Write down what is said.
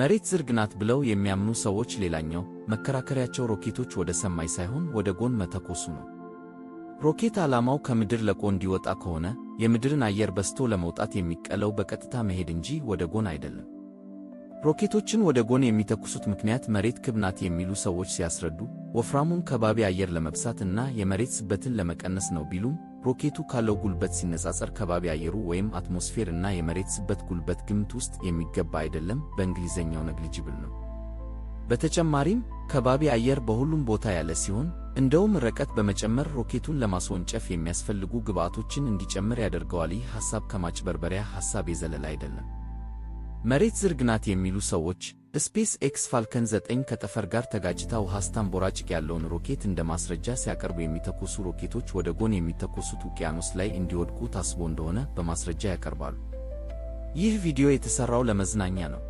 መሬት ዝርግ ናት ብለው የሚያምኑ ሰዎች ሌላኛው መከራከሪያቸው ሮኬቶች ወደ ሰማይ ሳይሆን ወደ ጎን መተኮሱ ነው። ሮኬት ዓላማው ከምድር ለቆ እንዲወጣ ከሆነ የምድርን አየር በስቶ ለመውጣት የሚቀለው በቀጥታ መሄድ እንጂ ወደ ጎን አይደለም። ሮኬቶችን ወደ ጎን የሚተኩሱት ምክንያት መሬት ክብ ናት የሚሉ ሰዎች ሲያስረዱ ወፍራሙን ከባቢ አየር ለመብሳት እና የመሬት ስበትን ለመቀነስ ነው ቢሉም ሮኬቱ ካለው ጉልበት ሲነጻጸር ከባቢ አየሩ ወይም አትሞስፌር እና የመሬት ስበት ጉልበት ግምት ውስጥ የሚገባ አይደለም፣ በእንግሊዝኛው ነግሊጅብል ነው። በተጨማሪም ከባቢ አየር በሁሉም ቦታ ያለ ሲሆን እንደውም ርቀት በመጨመር ሮኬቱን ለማስወንጨፍ የሚያስፈልጉ ግብዓቶችን እንዲጨምር ያደርገዋል። ይህ ሐሳብ ከማጭበርበሪያ ሐሳብ የዘለለ አይደለም። መሬት ዝርግ ናት የሚሉ ሰዎች ስፔስ ኤክስ ፋልከን 9 ከጠፈር ጋር ተጋጭታ ውሃ ስታንቦራጭቅ ያለውን ሮኬት እንደ ማስረጃ ሲያቀርቡ የሚተኮሱ ሮኬቶች ወደ ጎን የሚተኮሱት ውቅያኖስ ላይ እንዲወድቁ ታስቦ እንደሆነ በማስረጃ ያቀርባሉ። ይህ ቪዲዮ የተሰራው ለመዝናኛ ነው።